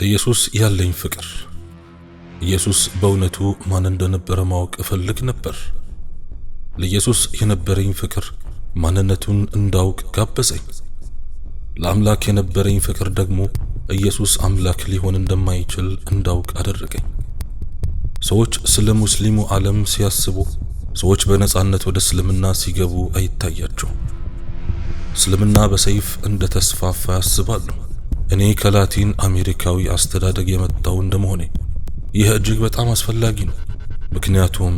ለኢየሱስ ያለኝ ፍቅር ኢየሱስ በእውነቱ ማን እንደነበረ ማወቅ እፈልግ ነበር። ለኢየሱስ የነበረኝ ፍቅር ማንነቱን እንዳውቅ ጋበዘኝ። ለአምላክ የነበረኝ ፍቅር ደግሞ ኢየሱስ አምላክ ሊሆን እንደማይችል እንዳውቅ አደረገኝ። ሰዎች ስለ ሙስሊሙ ዓለም ሲያስቡ ሰዎች በነጻነት ወደ እስልምና ሲገቡ አይታያቸው። እስልምና በሰይፍ እንደ ተስፋፋ ያስባሉ። እኔ ከላቲን አሜሪካዊ አስተዳደግ የመጣው እንደመሆኔ ይህ እጅግ በጣም አስፈላጊ ነው። ምክንያቱም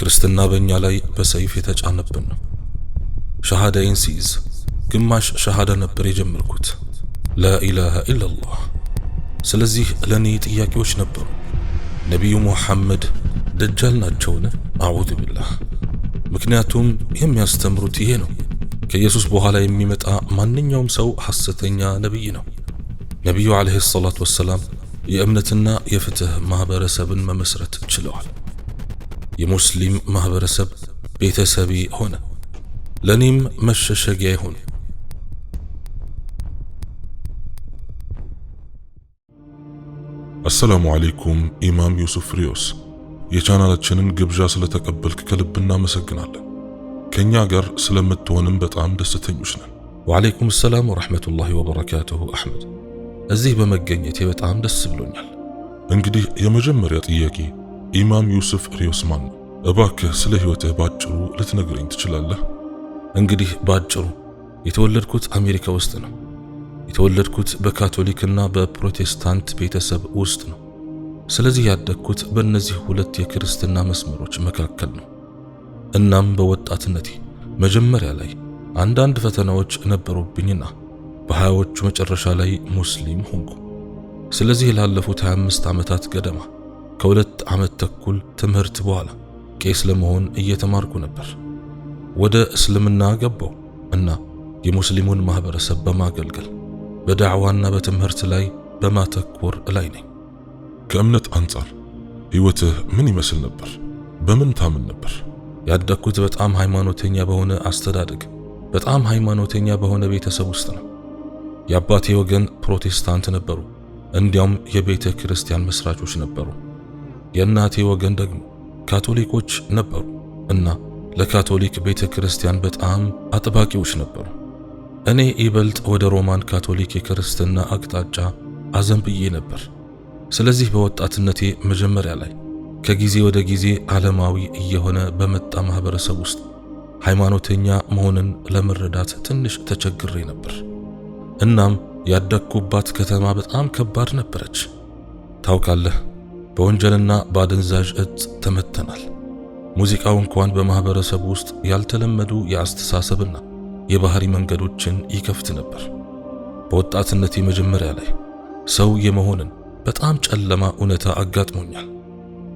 ክርስትና በእኛ ላይ በሰይፍ የተጫነብን ነው። ሸሃዳይን ሲይዝ ግማሽ ሸሃዳ ነበር የጀመርኩት፣ ላኢላሃ ኢላላህ። ስለዚህ ለእኔ ጥያቄዎች ነበሩ። ነቢዩ ሙሐመድ ደጃል ናቸውን? አዑዙ ቢላህ። ምክንያቱም የሚያስተምሩት ይሄ ነው። ከኢየሱስ በኋላ የሚመጣ ማንኛውም ሰው ሐሰተኛ ነቢይ ነው። نبي عليه الصلاة والسلام يا النا يفته ما برسب ما مسرت تشلوحل يا ما برسب بيت هنا لنيم مش شجاي هنا السلام عليكم إمام يوسف ريوس يا شانالة شنن قبجا سلتقبل كلبنا مسجنال كن ياجر سلمت ونم بطعم دستين وعليكم السلام ورحمة الله وبركاته أحمد እዚህ በመገኘቴ በጣም ደስ ብሎኛል። እንግዲህ የመጀመሪያ ጥያቄ ኢማም ዩሱፍ ሪዮስ ማን ነው? እባክህ ስለ ሕይወትህ ባጭሩ ልትነግረኝ ትችላለህ? እንግዲህ ባጭሩ የተወለድኩት አሜሪካ ውስጥ ነው። የተወለድኩት በካቶሊክና በፕሮቴስታንት ቤተሰብ ውስጥ ነው። ስለዚህ ያደግኩት በእነዚህ ሁለት የክርስትና መስመሮች መካከል ነው። እናም በወጣትነቴ መጀመሪያ ላይ አንዳንድ ፈተናዎች ነበሩብኝና በሃያዎቹ መጨረሻ ላይ ሙስሊም ሆንኩ። ስለዚህ ላለፉት 25 ዓመታት ገደማ ከሁለት ዓመት ተኩል ትምህርት በኋላ ቄስ ለመሆን እየተማርኩ ነበር። ወደ እስልምና ገባው እና የሙስሊሙን ማህበረሰብ በማገልገል በዳዕዋና በትምህርት ላይ በማተኮር ላይ ነኝ። ከእምነት አንጻር ሕይወትህ ምን ይመስል ነበር? በምን ታምን ነበር? ያደግኩት በጣም ሃይማኖተኛ በሆነ አስተዳደግ፣ በጣም ሃይማኖተኛ በሆነ ቤተሰብ ውስጥ ነው። የአባቴ ወገን ፕሮቴስታንት ነበሩ፣ እንዲያውም የቤተ ክርስቲያን መስራቾች ነበሩ። የእናቴ ወገን ደግሞ ካቶሊኮች ነበሩ እና ለካቶሊክ ቤተ ክርስቲያን በጣም አጥባቂዎች ነበሩ። እኔ ይበልጥ ወደ ሮማን ካቶሊክ የክርስትና አቅጣጫ አዘንብዬ ነበር። ስለዚህ በወጣትነቴ መጀመሪያ ላይ ከጊዜ ወደ ጊዜ ዓለማዊ እየሆነ በመጣ ማኅበረሰብ ውስጥ ሃይማኖተኛ መሆንን ለመረዳት ትንሽ ተቸግሬ ነበር። እናም ያደግኩባት ከተማ በጣም ከባድ ነበረች። ታውቃለህ፣ በወንጀልና በአደንዛዥ እጽ ተመተናል። ሙዚቃው እንኳን በማህበረሰብ ውስጥ ያልተለመዱ የአስተሳሰብና የባህሪ መንገዶችን ይከፍት ነበር። በወጣትነት የመጀመሪያ ላይ ሰው የመሆንን በጣም ጨለማ እውነታ አጋጥሞኛል።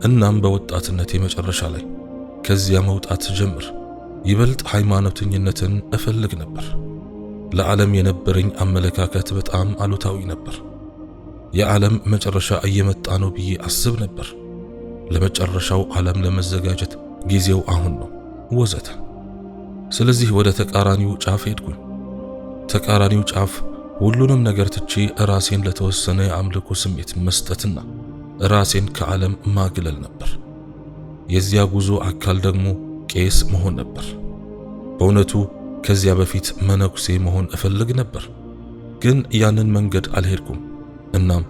እናም በወጣትነት የመጨረሻ ላይ ከዚያ መውጣት ጀምር ይበልጥ ሃይማኖተኝነትን እፈልግ ነበር። ለዓለም የነበረኝ አመለካከት በጣም አሉታዊ ነበር። የዓለም መጨረሻ እየመጣ ነው ብዬ አስብ ነበር። ለመጨረሻው ዓለም ለመዘጋጀት ጊዜው አሁን ነው ወዘተ። ስለዚህ ወደ ተቃራኒው ጫፍ ሄድኩኝ። ተቃራኒው ጫፍ ሁሉንም ነገር ትቼ ራሴን ለተወሰነ የአምልኮ ስሜት መስጠትና ራሴን ከዓለም ማግለል ነበር። የዚያ ጉዞ አካል ደግሞ ቄስ መሆን ነበር። በእውነቱ ከዚያ በፊት መነኩሴ መሆን እፈልግ ነበር፣ ግን ያንን መንገድ አልሄድኩም። እናም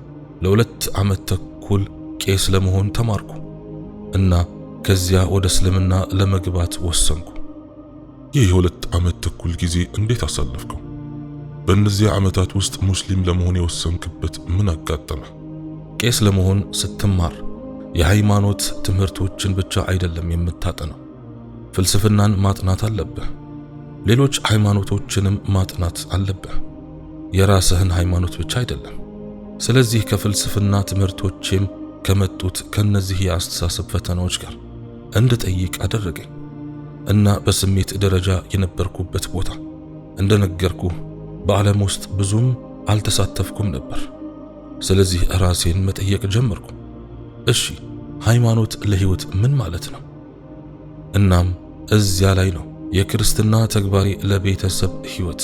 ለሁለት ዓመት ተኩል ቄስ ለመሆን ተማርኩ እና ከዚያ ወደ እስልምና ለመግባት ወሰንኩ። ይህ የሁለት ዓመት ተኩል ጊዜ እንዴት አሳለፍከው? በእነዚያ ዓመታት ውስጥ ሙስሊም ለመሆን የወሰንክበት ምን አጋጠመ? ቄስ ለመሆን ስትማር የሃይማኖት ትምህርቶችን ብቻ አይደለም የምታጠነው፣ ፍልስፍናን ማጥናት አለብህ። ሌሎች ሃይማኖቶችንም ማጥናት አለብህ። የራስህን ሃይማኖት ብቻ አይደለም። ስለዚህ ከፍልስፍና ትምህርቶቼም ከመጡት ከነዚህ የአስተሳሰብ ፈተናዎች ጋር እንድጠይቅ አደረገኝ እና በስሜት ደረጃ የነበርኩበት ቦታ እንደነገርኩ በዓለም ውስጥ ብዙም አልተሳተፍኩም ነበር። ስለዚህ ራሴን መጠየቅ ጀመርኩ። እሺ ሃይማኖት ለህይወት ምን ማለት ነው? እናም እዚያ ላይ ነው የክርስትና ተግባሪ ለቤተሰብ ህይወት፣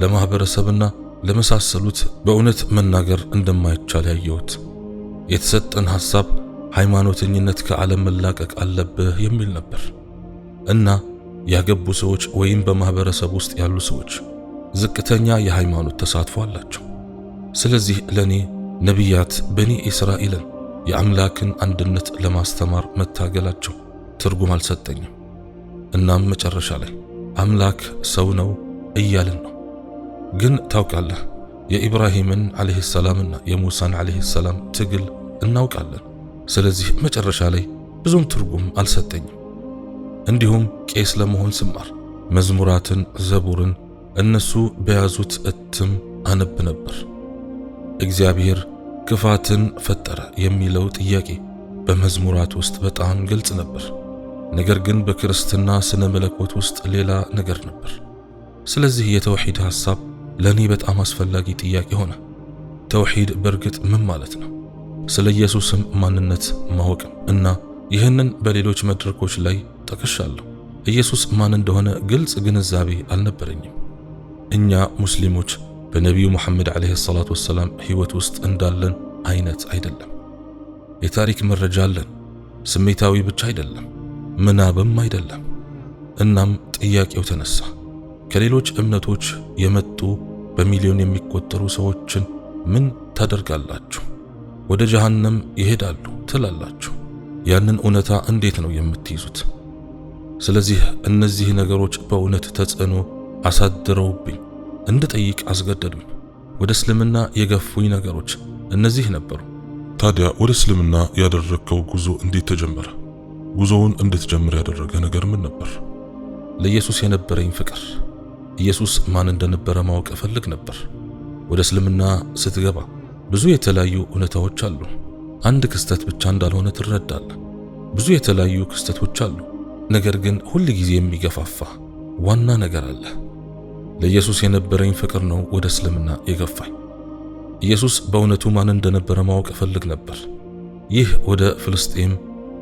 ለማህበረሰብና ለመሳሰሉት በእውነት መናገር እንደማይቻል ያየሁት የተሰጠን ሐሳብ ሃይማኖተኝነት ከዓለም መላቀቅ አለብህ የሚል ነበር እና ያገቡ ሰዎች ወይም በማህበረሰብ ውስጥ ያሉ ሰዎች ዝቅተኛ የሃይማኖት ተሳትፎ አላቸው። ስለዚህ ለእኔ ነቢያት በኒ እስራኤልን የአምላክን አንድነት ለማስተማር መታገላቸው ትርጉም አልሰጠኝም። እናም መጨረሻ ላይ አምላክ ሰው ነው እያልን ነው። ግን ታውቃለህ የኢብራሂምን ዓለይህ ሰላምና የሙሳን ዓለይህ ሰላም ትግል እናውቃለን። ስለዚህ መጨረሻ ላይ ብዙም ትርጉም አልሰጠኝም። እንዲሁም ቄስ ለመሆን ስማር መዝሙራትን፣ ዘቡርን እነሱ በያዙት እትም አነብ ነበር። እግዚአብሔር ክፋትን ፈጠረ የሚለው ጥያቄ በመዝሙራት ውስጥ በጣም ግልጽ ነበር። ነገር ግን በክርስትና ስነ መለኮት ውስጥ ሌላ ነገር ነበር። ስለዚህ የተውሂድ ሐሳብ ለእኔ በጣም አስፈላጊ ጥያቄ ሆነ። ተውሂድ በእርግጥ ምን ማለት ነው? ስለ ኢየሱስም ማንነት ማወቅም እና ይህንን በሌሎች መድረኮች ላይ ጠቅሻለሁ። ኢየሱስ ማን እንደሆነ ግልጽ ግንዛቤ አልነበረኝም። እኛ ሙስሊሞች በነቢዩ ሙሐመድ ዓለይሂ ሰላቱ ወሰላም ሕይወት ውስጥ እንዳለን አይነት አይደለም። የታሪክ መረጃ አለን። ስሜታዊ ብቻ አይደለም። ምናብም አይደለም። እናም ጥያቄው ተነሳ። ከሌሎች እምነቶች የመጡ በሚሊዮን የሚቆጠሩ ሰዎችን ምን ታደርጋላችሁ? ወደ ጀሃነም ይሄዳሉ ትላላችሁ። ያንን እውነታ እንዴት ነው የምትይዙት? ስለዚህ እነዚህ ነገሮች በእውነት ተጽዕኖ አሳድረውብኝ እንድጠይቅ አስገደዱኝ። ወደ እስልምና የገፉኝ ነገሮች እነዚህ ነበሩ። ታዲያ ወደ እስልምና ያደረግከው ጉዞ እንዴት ተጀመረ? ጉዞውን እንድትጀምር ያደረገ ነገር ምን ነበር? ለኢየሱስ የነበረኝ ፍቅር። ኢየሱስ ማን እንደነበረ ማወቅ እፈልግ ነበር። ወደ እስልምና ስትገባ ብዙ የተለያዩ እውነታዎች አሉ። አንድ ክስተት ብቻ እንዳልሆነ ትረዳል። ብዙ የተለያዩ ክስተቶች አሉ። ነገር ግን ሁል ጊዜ የሚገፋፋ ዋና ነገር አለ። ለኢየሱስ የነበረኝ ፍቅር ነው ወደ እስልምና የገፋኝ። ኢየሱስ በእውነቱ ማን እንደነበረ ማወቅ እፈልግ ነበር። ይህ ወደ ፍልስጤም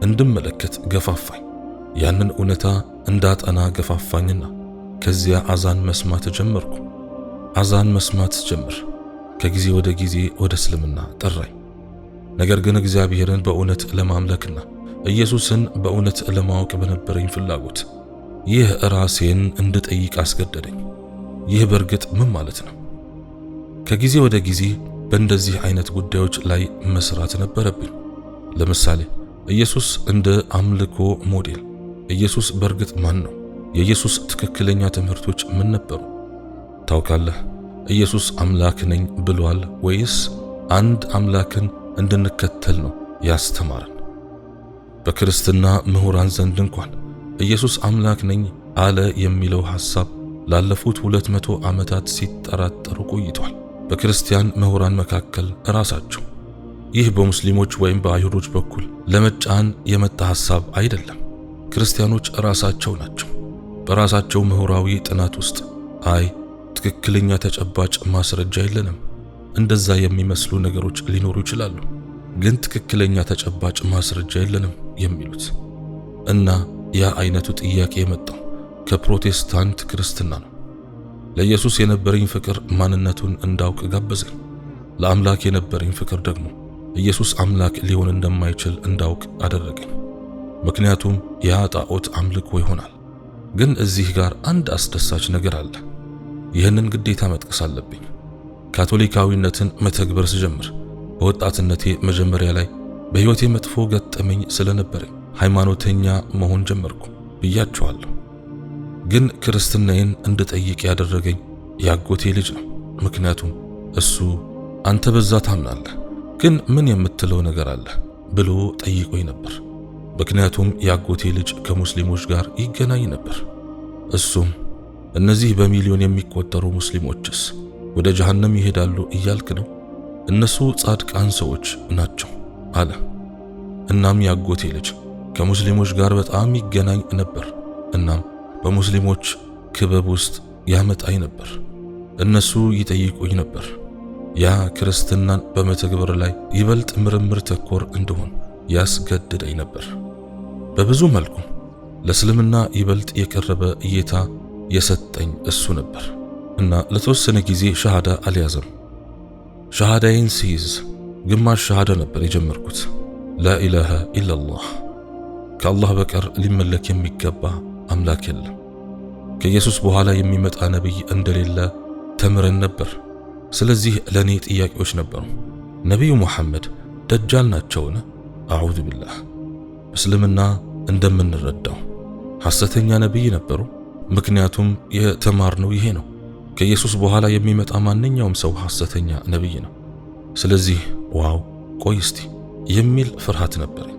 እንድመለከት ገፋፋኝ። ያንን እውነታ እንዳጠና ገፋፋኝና ከዚያ አዛን መስማት ጀመርኩ። አዛን መስማት ጀምር ከጊዜ ወደ ጊዜ ወደ እስልምና ጠራኝ። ነገር ግን እግዚአብሔርን በእውነት ለማምለክና ኢየሱስን በእውነት ለማወቅ በነበረኝ ፍላጎት ይህ ራሴን እንድጠይቅ አስገደደኝ። ይህ በእርግጥ ምን ማለት ነው? ከጊዜ ወደ ጊዜ በእንደዚህ አይነት ጉዳዮች ላይ መስራት ነበረብኝ። ለምሳሌ ኢየሱስ እንደ አምልኮ ሞዴል። ኢየሱስ በእርግጥ ማን ነው? የኢየሱስ ትክክለኛ ትምህርቶች ምን ነበሩ? ታውቃለህ፣ ኢየሱስ አምላክ ነኝ ብሏል ወይስ አንድ አምላክን እንድንከተል ነው ያስተማረን? በክርስትና ምሁራን ዘንድ እንኳን ኢየሱስ አምላክ ነኝ አለ የሚለው ሐሳብ ላለፉት ሁለት መቶ ዓመታት ሲጠራጠሩ ቆይቷል። በክርስቲያን ምሁራን መካከል ራሳቸው ይህ በሙስሊሞች ወይም በአይሁዶች በኩል ለመጫን የመጣ ሐሳብ አይደለም። ክርስቲያኖች ራሳቸው ናቸው በራሳቸው ምሁራዊ ጥናት ውስጥ አይ ትክክለኛ ተጨባጭ ማስረጃ የለንም፣ እንደዛ የሚመስሉ ነገሮች ሊኖሩ ይችላሉ፣ ግን ትክክለኛ ተጨባጭ ማስረጃ የለንም የሚሉት እና ያ አይነቱ ጥያቄ የመጣው ከፕሮቴስታንት ክርስትና ነው። ለኢየሱስ የነበረኝ ፍቅር ማንነቱን እንዳውቅ ጋበዘኝ። ለአምላክ የነበረኝ ፍቅር ደግሞ ኢየሱስ አምላክ ሊሆን እንደማይችል እንዳውቅ አደረገኝ። ምክንያቱም ያ ጣዖት አምልኮ ይሆናል። ግን እዚህ ጋር አንድ አስደሳች ነገር አለ። ይህንን ግዴታ መጥቀስ አለብኝ። ካቶሊካዊነትን መተግበር ስጀምር በወጣትነቴ መጀመሪያ ላይ በሕይወቴ መጥፎ ገጠመኝ ስለነበረኝ ሃይማኖተኛ መሆን ጀመርኩ ብያቸዋለሁ። ግን ክርስትናዬን እንድጠይቅ ያደረገኝ ያጎቴ ልጅ ነው። ምክንያቱም እሱ አንተ በዛ ታምናለህ ግን ምን የምትለው ነገር አለ ብሎ ጠይቆኝ ነበር። ምክንያቱም የአጎቴ ልጅ ከሙስሊሞች ጋር ይገናኝ ነበር። እሱም እነዚህ በሚሊዮን የሚቆጠሩ ሙስሊሞችስ ወደ ጀሃነም ይሄዳሉ እያልክ ነው? እነሱ ጻድቃን ሰዎች ናቸው አለ። እናም ያጎቴ ልጅ ከሙስሊሞች ጋር በጣም ይገናኝ ነበር። እናም በሙስሊሞች ክበብ ውስጥ ያመጣኝ ነበር። እነሱ ይጠይቁኝ ነበር ያ ክርስትናን በመተግበር ላይ ይበልጥ ምርምር ተኮር እንደሆን ያስገድደኝ ነበር። በብዙ መልኩ ለእስልምና ይበልጥ የቀረበ እይታ የሰጠኝ እሱ ነበር እና ለተወሰነ ጊዜ ሸሃዳ አልያዘም። ሸሃዳዬን ሲይዝ ግማሽ ሸሃዳ ነበር የጀመርኩት። ላኢላሃ ኢላላህ፣ ከአላህ በቀር ሊመለክ የሚገባ አምላክ የለም፣ ከኢየሱስ በኋላ የሚመጣ ነቢይ እንደሌለ ተምረን ነበር። ስለዚህ ለእኔ ጥያቄዎች ነበሩ። ነቢዩ ሙሐመድ ደጃል ናቸውን? አዑዙ ቢላህ። እስልምና እንደምንረዳው ሐሰተኛ ነቢይ ነበሩ? ምክንያቱም የተማርነው ይሄ ነው። ከኢየሱስ በኋላ የሚመጣ ማንኛውም ሰው ሐሰተኛ ነቢይ ነው። ስለዚህ ዋው ቆይ እስቲ የሚል ፍርሃት ነበረኝ።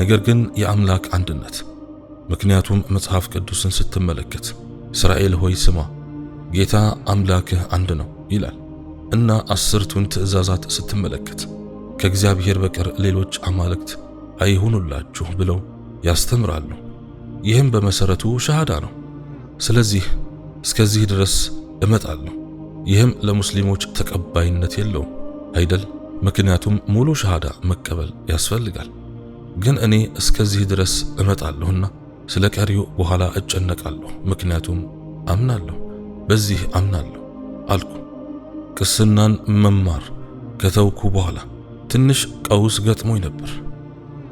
ነገር ግን የአምላክ አንድነት ምክንያቱም መጽሐፍ ቅዱስን ስትመለከት እስራኤል ሆይ ስማ ጌታ አምላክህ አንድ ነው ይላል። እና አስርቱን ትእዛዛት ስትመለከት ከእግዚአብሔር በቀር ሌሎች አማልክት አይሁኑላችሁ ብለው ያስተምራሉ። ይህም በመሰረቱ ሸሃዳ ነው። ስለዚህ እስከዚህ ድረስ እመጣለሁ። ይህም ለሙስሊሞች ተቀባይነት የለውም አይደል? ምክንያቱም ሙሉ ሸሃዳ መቀበል ያስፈልጋል። ግን እኔ እስከዚህ ድረስ እመጣለሁና ስለ ቀሪው በኋላ እጨነቃለሁ፣ ምክንያቱም አምናለሁ፣ በዚህ አምናለሁ አልኩ። ቅስናን መማር ከተውኩ በኋላ ትንሽ ቀውስ ገጥሞኝ ነበር።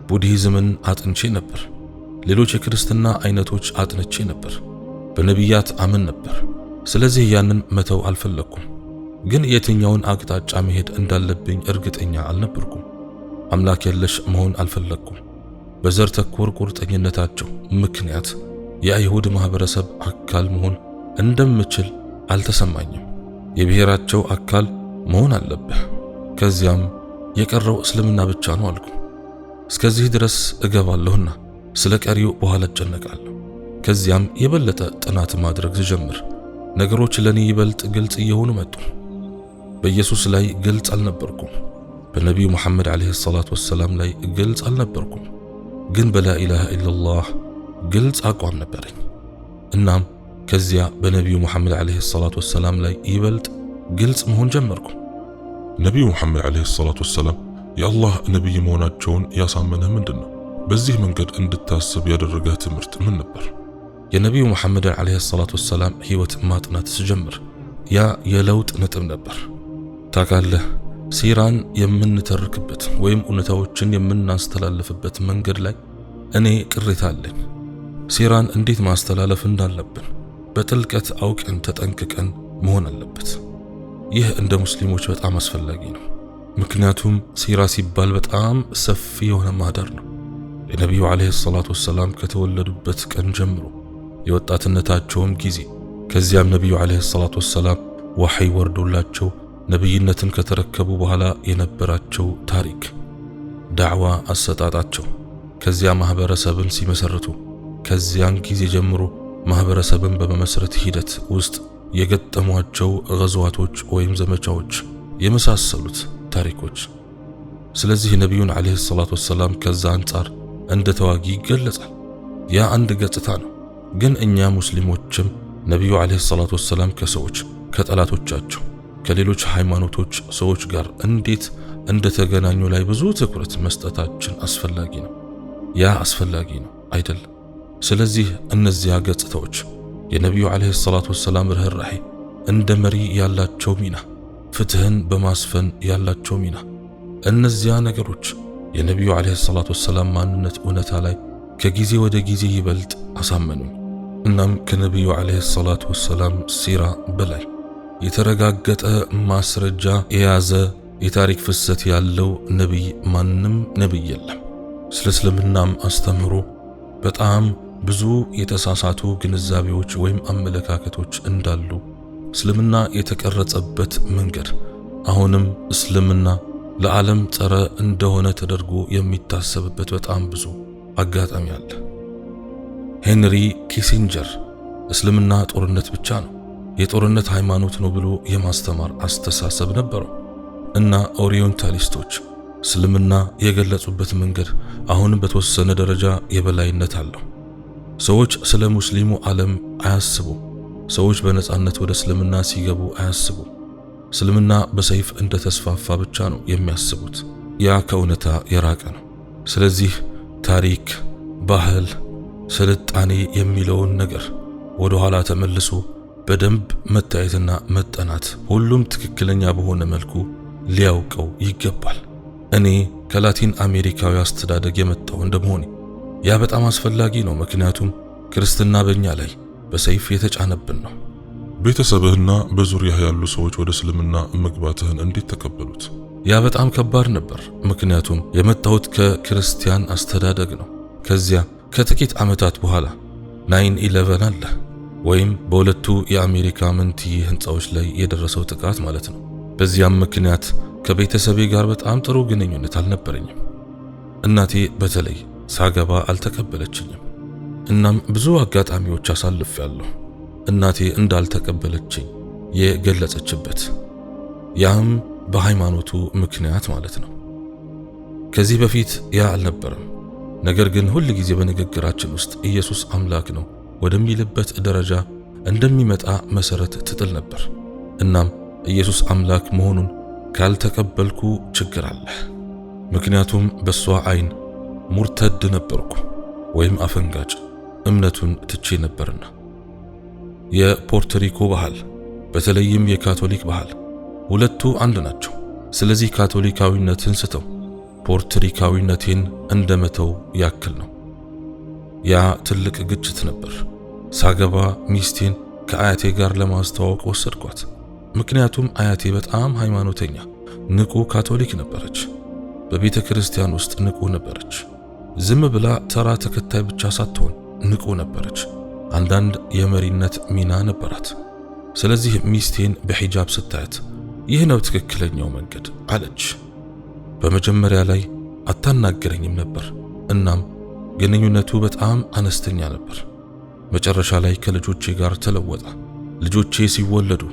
ቡድሂዝምን አጥንቼ ነበር። ሌሎች የክርስትና አይነቶች አጥንቼ ነበር። በነቢያት አምን ነበር። ስለዚህ ያንን መተው አልፈለግኩም፣ ግን የትኛውን አቅጣጫ መሄድ እንዳለብኝ እርግጠኛ አልነበርኩም። አምላክ የለሽ መሆን አልፈለግኩም። በዘር ተኮር ቁርጠኝነታቸው ምክንያት የአይሁድ ማኅበረሰብ አካል መሆን እንደምችል አልተሰማኝም። የብሔራቸው አካል መሆን አለብህ። ከዚያም የቀረው እስልምና ብቻ ነው አልኩ። እስከዚህ ድረስ እገባለሁና ስለ ቀሪው በኋላ እጨነቃለሁ። ከዚያም የበለጠ ጥናት ማድረግ ስጀምር ነገሮች ለእኔ ይበልጥ ግልጽ እየሆኑ መጡ። በኢየሱስ ላይ ግልጽ አልነበርኩም። በነቢዩ ሙሐመድ ዓለይሂ ሰላቱ ወሰላም ላይ ግልጽ አልነበርኩም። ግን በላኢላሃ ኢላላህ ግልጽ አቋም ነበረኝ። እናም ከዚያ በነቢዩ ሙሐመድ ዓለይሂ ሰላቱ ወሰላም ላይ ይበልጥ ግልጽ መሆን ጀመርኩ። ነቢዩ ሙሐመድ ዓለይሂ ሰላቱ ወሰላም የአላህ ነቢይ መሆናቸውን ያሳመነህ ምንድን ነው? በዚህ መንገድ እንድታስብ ያደረገህ ትምህርት ምን ነበር? የነቢዩ ሙሐመድ ዓለይሂ ሰላቱ ወሰላም ሕይወት ማጥናት ስጀምር ያ የለውጥ ነጥብ ነበር። ታውቃለህ፣ ሲራን የምንተርክበት ወይም እውነታዎችን የምናስተላልፍበት መንገድ ላይ እኔ ቅሬታ አለኝ። ሲራን እንዴት ማስተላለፍ እንዳለብን በጥልቀት አውቀን ተጠንቅቀን መሆን አለበት። ይህ እንደ ሙስሊሞች በጣም አስፈላጊ ነው። ምክንያቱም ሲራ ሲባል በጣም ሰፊ የሆነ ማህደር ነው። የነቢዩ ዓለይሂ ሰላቱ ወሰላም ከተወለዱበት ቀን ጀምሮ የወጣትነታቸውም ጊዜ ከዚያም ነቢዩ ዓለይሂ ሰላቱ ወሰላም ዋሕይ ወርዶላቸው ነቢይነትን ከተረከቡ በኋላ የነበራቸው ታሪክ፣ ዳዕዋ አሰጣጣቸው፣ ከዚያ ማኅበረሰብን ሲመሰርቱ ከዚያን ጊዜ ጀምሮ ማህበረሰብን በመመስረት ሂደት ውስጥ የገጠሟቸው ገዝዋቶች ወይም ዘመቻዎች የመሳሰሉት ታሪኮች። ስለዚህ ነቢዩን ዓለይሂ ሰላቱ ወሰላም ከዛ አንጻር እንደ ተዋጊ ይገለጻል። ያ አንድ ገጽታ ነው። ግን እኛ ሙስሊሞችም ነቢዩ ዓለይሂ ሰላቱ ወሰላም ከሰዎች ከጠላቶቻቸው፣ ከሌሎች ሃይማኖቶች ሰዎች ጋር እንዴት እንደተገናኙ ላይ ብዙ ትኩረት መስጠታችን አስፈላጊ ነው። ያ አስፈላጊ ነው አይደለም? ስለዚህ እነዚያ ገጽታዎች የነቢዩ ዓለይሂ ሰላቱ ወሰላም ርኅራሄ እንደ መሪ ያላቸው ሚና፣ ፍትህን በማስፈን ያላቸው ሚና፣ እነዚያ ነገሮች የነቢዩ ዓለይሂ ሰላቱ ወሰላም ማንነት እውነታ ላይ ከጊዜ ወደ ጊዜ ይበልጥ አሳመኑኝ። እናም ከነቢዩ ዓለይሂ ሰላቱ ወሰላም ሲራ በላይ የተረጋገጠ ማስረጃ የያዘ የታሪክ ፍሰት ያለው ነቢይ ማንም ነቢይ የለም። ስለ እስልምናም አስተምህሮ በጣም ብዙ የተሳሳቱ ግንዛቤዎች ወይም አመለካከቶች እንዳሉ እስልምና የተቀረጸበት መንገድ አሁንም እስልምና ለዓለም ጸረ እንደሆነ ተደርጎ የሚታሰብበት በጣም ብዙ አጋጣሚ አለ። ሄንሪ ኪሲንጀር እስልምና ጦርነት ብቻ ነው፣ የጦርነት ሃይማኖት ነው ብሎ የማስተማር አስተሳሰብ ነበረው እና ኦሪየንታሊስቶች እስልምና የገለጹበት መንገድ አሁንም በተወሰነ ደረጃ የበላይነት አለው። ሰዎች ስለ ሙስሊሙ ዓለም አያስቡም። ሰዎች በነፃነት ወደ እስልምና ሲገቡ አያስቡም። እስልምና በሰይፍ እንደተስፋፋ ብቻ ነው የሚያስቡት። ያ ከእውነታ የራቀ ነው። ስለዚህ ታሪክ፣ ባህል፣ ስልጣኔ የሚለውን ነገር ወደ ኋላ ተመልሶ በደንብ መታየትና መጠናት ሁሉም ትክክለኛ በሆነ መልኩ ሊያውቀው ይገባል። እኔ ከላቲን አሜሪካዊ አስተዳደግ የመጣው እንደመሆኔ ያ በጣም አስፈላጊ ነው፣ ምክንያቱም ክርስትና በእኛ ላይ በሰይፍ የተጫነብን ነው። ቤተሰብህና በዙሪያህ ያሉ ሰዎች ወደ እስልምና መግባትህን እንዴት ተቀበሉት? ያ በጣም ከባድ ነበር፣ ምክንያቱም የመጣሁት ከክርስቲያን አስተዳደግ ነው። ከዚያ ከጥቂት ዓመታት በኋላ ናይን ኢለቨን አለ ወይም በሁለቱ የአሜሪካ ምንትይ ህንፃዎች ላይ የደረሰው ጥቃት ማለት ነው። በዚያም ምክንያት ከቤተሰቤ ጋር በጣም ጥሩ ግንኙነት አልነበረኝም። እናቴ በተለይ ሳገባ አልተቀበለችኝም። እናም ብዙ አጋጣሚዎች አሳልፍ አሳልፌያለሁ እናቴ እንዳልተቀበለችኝ የገለጸችበት ያም በሃይማኖቱ ምክንያት ማለት ነው። ከዚህ በፊት ያ አልነበረም። ነገር ግን ሁል ጊዜ በንግግራችን ውስጥ ኢየሱስ አምላክ ነው ወደሚልበት ደረጃ እንደሚመጣ መሰረት ትጥል ነበር። እናም ኢየሱስ አምላክ መሆኑን ካልተቀበልኩ ችግር አለ። ምክንያቱም በሷ አይን ሙርተድ ነበርኩ ወይም አፈንጋጭ እምነቱን ትቼ ነበርና። የፖርቶሪኮ ባህል በተለይም የካቶሊክ ባህል ሁለቱ አንድ ናቸው። ስለዚህ ካቶሊካዊነትን ስተው ፖርቶሪካዊነቴን እንደመተው ያክል ነው። ያ ትልቅ ግጭት ነበር። ሳገባ ሚስቴን ከአያቴ ጋር ለማስተዋወቅ ወሰድኳት። ምክንያቱም አያቴ በጣም ሃይማኖተኛ ንቁ ካቶሊክ ነበረች። በቤተ ክርስቲያን ውስጥ ንቁ ነበረች። ዝም ብላ ተራ ተከታይ ብቻ ሳትሆን ንቁ ነበረች። አንዳንድ የመሪነት ሚና ነበራት። ስለዚህ ሚስቴን በሒጃብ ስታያት ይህ ነው ትክክለኛው መንገድ አለች። በመጀመሪያ ላይ አታናገረኝም ነበር። እናም ግንኙነቱ በጣም አነስተኛ ነበር። መጨረሻ ላይ ከልጆቼ ጋር ተለወጠ። ልጆቼ ሲወለዱ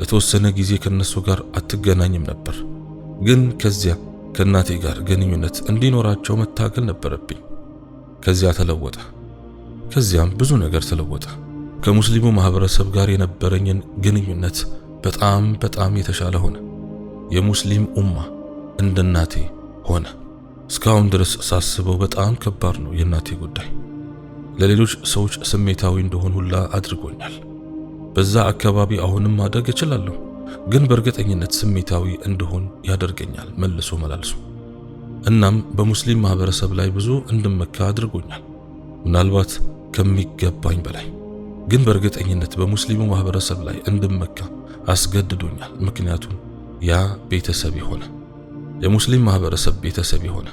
ለተወሰነ ጊዜ ከነሱ ጋር አትገናኝም ነበር፣ ግን ከዚያ ከእናቴ ጋር ግንኙነት እንዲኖራቸው መታገል ነበረብኝ። ከዚያ ተለወጠ። ከዚያም ብዙ ነገር ተለወጠ። ከሙስሊሙ ማህበረሰብ ጋር የነበረኝን ግንኙነት በጣም በጣም የተሻለ ሆነ። የሙስሊም ኡማ እንደ እናቴ ሆነ። እስካሁን ድረስ ሳስበው በጣም ከባድ ነው የእናቴ ጉዳይ። ለሌሎች ሰዎች ስሜታዊ እንደሆን ሁላ አድርጎኛል። በዛ አካባቢ አሁንም ማደግ እችላለሁ። ግን በእርግጠኝነት ስሜታዊ እንድሆን ያደርገኛል መልሶ መላልሶ። እናም በሙስሊም ማህበረሰብ ላይ ብዙ እንድመካ አድርጎኛል፣ ምናልባት ከሚገባኝ በላይ። ግን በእርግጠኝነት በሙስሊሙ ማህበረሰብ ላይ እንድመካ አስገድዶኛል። ምክንያቱም ያ ቤተሰብ የሆነ የሙስሊም ማህበረሰብ ቤተሰብ የሆነ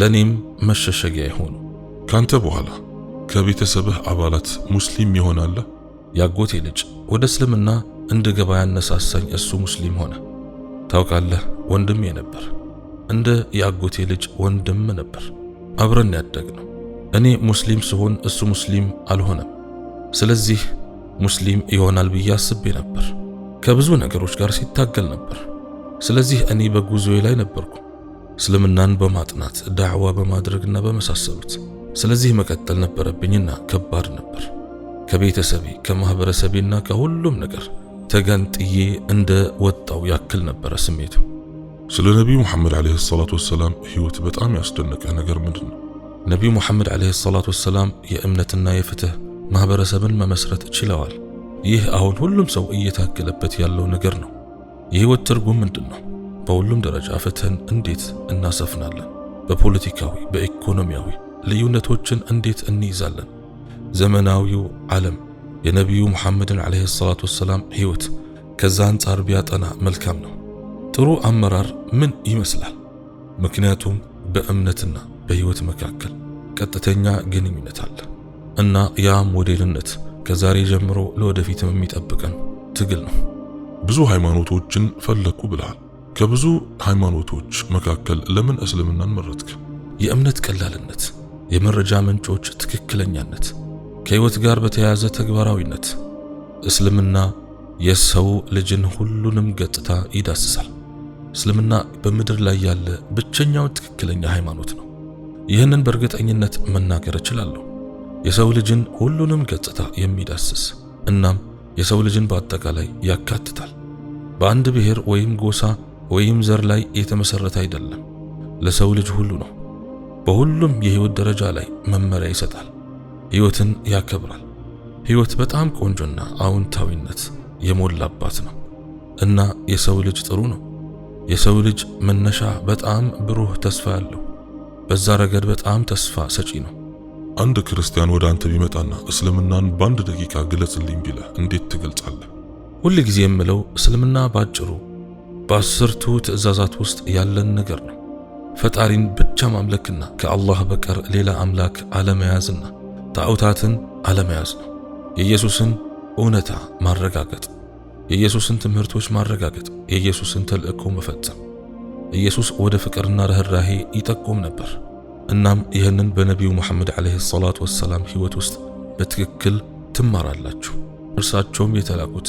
ለኔም መሸሸጊያ የሆኑ ካንተ በኋላ ከቤተሰብህ አባላት ሙስሊም ይሆናል። ያጎቴ ልጅ ወደ እስልምና እንድገባ ያነሳሳኝ እሱ ሙስሊም ሆነ። ታውቃለህ ወንድሜ ነበር፣ እንደ የአጎቴ ልጅ ወንድም ነበር። አብረን ያደግ ነው እኔ ሙስሊም ስሆን እሱ ሙስሊም አልሆነም። ስለዚህ ሙስሊም ይሆናል ብዬ አስቤ ነበር። ከብዙ ነገሮች ጋር ሲታገል ነበር። ስለዚህ እኔ በጉዞዬ ላይ ነበርኩ፣ እስልምናን በማጥናት ዳዕዋ በማድረግና በመሳሰሉት። ስለዚህ መቀጠል ነበረብኝና ከባድ ነበር። ከቤተሰቤ ከማኅበረሰቤና ከሁሉም ነገር ተገንጥዬ እንደ ወጣው ያክል ነበረ ስሜት። ስለ ነቢዩ ሙሐመድ ዓለይሂ ሰላቱ ወሰላም ሕይወት በጣም ያስደነቀ ነገር ምንድን ነው? ነቢዩ ሙሐመድ ዓለይሂ ሰላቱ ወሰላም የእምነትና የፍትሕ ማኅበረሰብን መመስረት ችለዋል። ይህ አሁን ሁሉም ሰው እየታገለበት ያለው ነገር ነው። የሕይወት ትርጉም ምንድን ነው? በሁሉም ደረጃ ፍትህን እንዴት እናሰፍናለን? በፖለቲካዊ በኢኮኖሚያዊ ልዩነቶችን እንዴት እንይዛለን? ዘመናዊው ዓለም የነቢዩ ሙሐመድን ዓለይሂ ሰላቱ ወሰላም ሕይወት ከዛ አንጻር ቢያጠና መልካም ነው። ጥሩ አመራር ምን ይመስላል? ምክንያቱም በእምነትና በሕይወት መካከል ቀጥተኛ ግንኙነት አለ እና ያ ሞዴልነት ከዛሬ ጀምሮ ለወደፊትም የሚጠብቀን ትግል ነው። ብዙ ሃይማኖቶችን ፈለግኩ ብለሃል። ከብዙ ሃይማኖቶች መካከል ለምን እስልምናን መረጥክ? የእምነት ቀላልነት፣ የመረጃ ምንጮች ትክክለኛነት ከህይወት ጋር በተያያዘ ተግባራዊነት እስልምና የሰው ልጅን ሁሉንም ገጽታ ይዳስሳል። እስልምና በምድር ላይ ያለ ብቸኛው ትክክለኛ ሃይማኖት ነው። ይህንን በእርግጠኝነት መናገር እችላለሁ። የሰው ልጅን ሁሉንም ገጽታ የሚዳስስ እናም የሰው ልጅን በአጠቃላይ ያካትታል። በአንድ ብሔር ወይም ጎሳ ወይም ዘር ላይ የተመሰረተ አይደለም። ለሰው ልጅ ሁሉ ነው። በሁሉም የህይወት ደረጃ ላይ መመሪያ ይሰጣል። ሕይወትን ያከብራል። ሕይወት በጣም ቆንጆና አዎንታዊነት የሞላባት ነው እና የሰው ልጅ ጥሩ ነው። የሰው ልጅ መነሻ በጣም ብሩህ ተስፋ ያለው በዛ ረገድ በጣም ተስፋ ሰጪ ነው። አንድ ክርስቲያን ወደ አንተ ቢመጣና እስልምናን በአንድ ደቂቃ ግለጽልኝ ቢለህ እንዴት ትገልጻለህ? ሁል ጊዜ የምለው እስልምና ባጭሩ በአስርቱ ትእዛዛት ውስጥ ያለን ነገር ነው። ፈጣሪን ብቻ ማምለክና ከአላህ በቀር ሌላ አምላክ አለመያዝና ጣዖታትን አለመያዝ ነው። የኢየሱስን እውነታ ማረጋገጥ፣ የኢየሱስን ትምህርቶች ማረጋገጥ፣ የኢየሱስን ተልእኮ መፈጸም። ኢየሱስ ወደ ፍቅርና ርኅራሄ ይጠቁም ነበር። እናም ይህንን በነቢዩ ሙሐመድ ዓለይሂ ሰላቱ ወሰላም ሕይወት ውስጥ በትክክል ትማራላችሁ። እርሳቸውም የተላኩት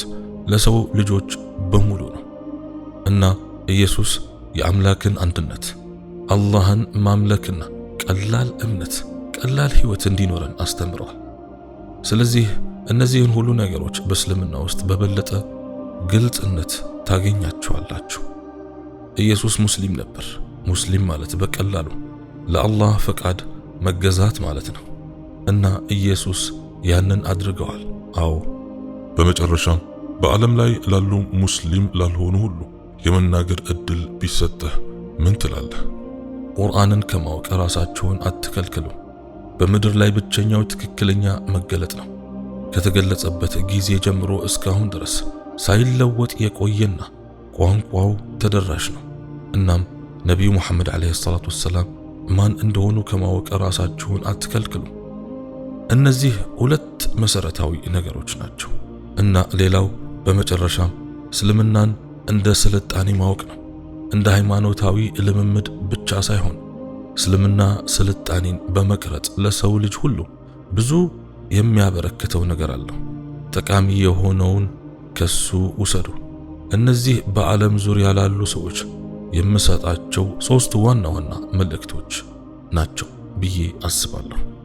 ለሰው ልጆች በሙሉ ነው እና ኢየሱስ የአምላክን አንድነት፣ አላህን ማምለክና ቀላል እምነት ቀላል ህይወት እንዲኖረን አስተምረዋል። ስለዚህ እነዚህን ሁሉ ነገሮች በእስልምና ውስጥ በበለጠ ግልጽነት ታገኛቸዋላችሁ። ኢየሱስ ሙስሊም ነበር። ሙስሊም ማለት በቀላሉ ለአላህ ፈቃድ መገዛት ማለት ነው እና ኢየሱስ ያንን አድርገዋል። አዎ በመጨረሻ በዓለም ላይ ላሉ ሙስሊም ላልሆኑ ሁሉ የመናገር እድል ቢሰጥህ ምን ትላለህ? ቁርአንን ከማወቅ ራሳችሁን አትከልክሉ። በምድር ላይ ብቸኛው ትክክለኛ መገለጥ ነው። ከተገለጸበት ጊዜ ጀምሮ እስካሁን ድረስ ሳይለወጥ የቆየና ቋንቋው ተደራሽ ነው። እናም ነቢዩ ሙሐመድ ዓለይሂ ሰላቱ ወሰላም ማን እንደሆኑ ከማወቅ ራሳችሁን አትከልክሉ። እነዚህ ሁለት መሰረታዊ ነገሮች ናቸው እና ሌላው በመጨረሻም እስልምናን እንደ ስልጣኔ ማወቅ ነው። እንደ ሃይማኖታዊ ልምምድ ብቻ ሳይሆን እስልምና ስልጣኔን በመቅረጽ ለሰው ልጅ ሁሉ ብዙ የሚያበረክተው ነገር አለው። ጠቃሚ የሆነውን ከሱ ውሰዱ። እነዚህ በዓለም ዙሪያ ላሉ ሰዎች የምሰጣቸው ሦስት ዋና ዋና መልእክቶች ናቸው ብዬ አስባለሁ።